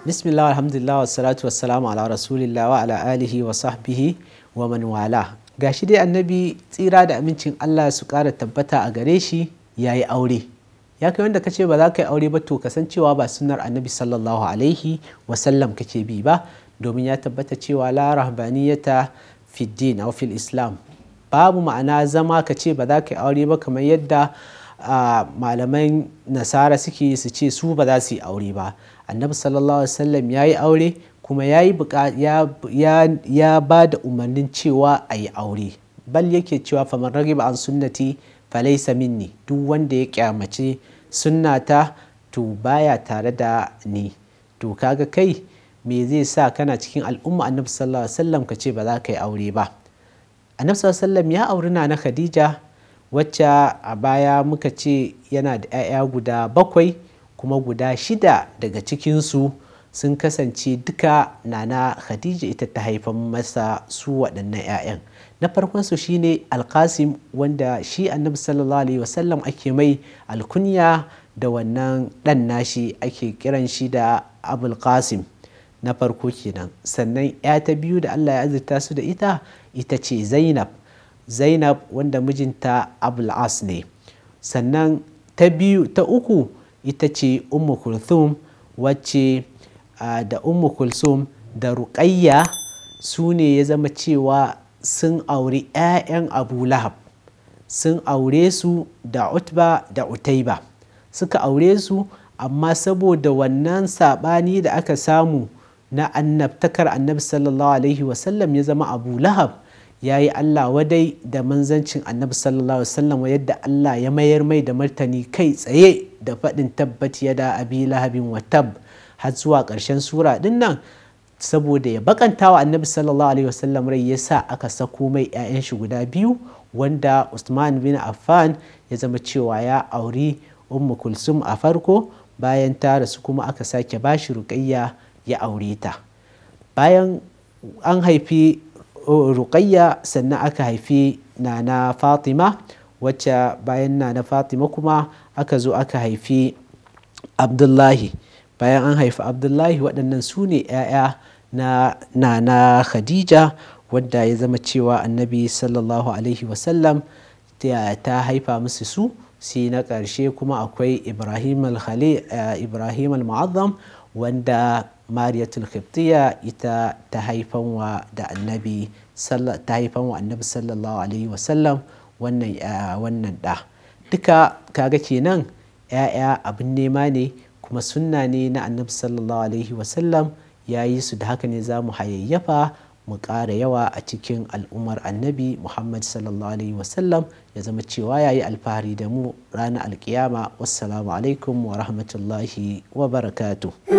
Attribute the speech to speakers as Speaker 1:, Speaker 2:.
Speaker 1: bismillah alhamdulillah wassalatu wassalamu ala rasulillah wa ala alihi wa sahbihi wa man wala gashi dai annabi tsira da amincin Allah su kara tabbata a gare shi yayi aure ya kai wanda kace ba za ka yi aure ba to kasancewa ba sunnar annabi sallallahu alaihi wa sallam kake bi ba domin ya tabbata cewa la rahbaniyata fi din aw fil islam babu ma'ana zama ka ce ba za ka yi aure ba kamar yadda ah, malaman nasara suke su ce su ba za su yi aure ba annabi sallallahu alaihi wasallam ya yi aure kuma ya yi ya ba da umarnin cewa a yi aure bal yake cewa faman ba an sunnati falaisa minni duk wanda ya kyamace sunnata to baya tare da ni to kaga kai me zai sa kana cikin al'umma annabi sallallahu alaihi wasallam ka ce ba za ka yi aure ba annabi sallallahu alaihi wasallam ya auri na khadija wacce a baya muka ce yana da 'ya'ya guda bakwai kuma guda shida daga cikinsu sun kasance duka nana khadija ita ta haifan masa su waɗannan 'ya'yan na farkonsu shine alkasim wanda shi annabi sallallahu alaihi wasallam ake mai alkunya da wannan ɗan nashi ake kiran shi da abul qasim na farko kenan sannan ya ta biyu da allah ya azurta su da ita ita ce zainab zainab wanda mijinta abul as ne sannan ta biyu ta uku ita ce ummu kulthum wacce da ummu kulthum da ruƙayya su ne ya zama cewa sun auri 'ya'yan abu lahab sun aure su da utba da utaiba suka aure su amma saboda wannan saɓani da aka samu na annabtakar annabi sallallahu alaihi wasallam ya zama abu lahab ya yi allah wadai da manzancin annabi sallallahu alaihi wasallam yadda allah ya mayar mai da martani kai tsaye da faɗin tabbat da abi lahabin wa tab har zuwa ƙarshen sura ɗin nan saboda ya bakanta wa annabi sallallahu alaihi wasallam rai ya sa aka sako mai 'ya'yan shi guda biyu wanda usman bin affan ya zama cewa ya auri ummu kulsum a farko bayan ta rasu kuma aka sake bashi ruqayya ya aure ta bayan an haifi uh, ruqayya sannan aka haifi nana fatima wacce bayan nana fatima kuma aka zo aka haifi abdullahi bayan an haifi abdullahi waɗannan su ne 'ya'ya na nana khadija wadda ya zama cewa annabi sallallahu alaihi wasallam ta haifa musu su sai na ƙarshe kuma akwai ibrahim eh, al-ma'azam wanda mariyatul ita ta haifan wa da annabi ta annabi sallallahu alaihi wasallam wannan da eh, duka kaga kenan 'ya'ya abin nema ne kuma sunna ne na annabi sallallahu alaihi wasallam ya yi su da haka ne za mu hayayyafa mu ƙara yawa a cikin al'ummar annabi muhammad sallallahu alaihi wasallam ya zama cewa ya yi alfahari da mu ranar alkiyama wassalamu alaikum wa rahmatullahi wa barakatuh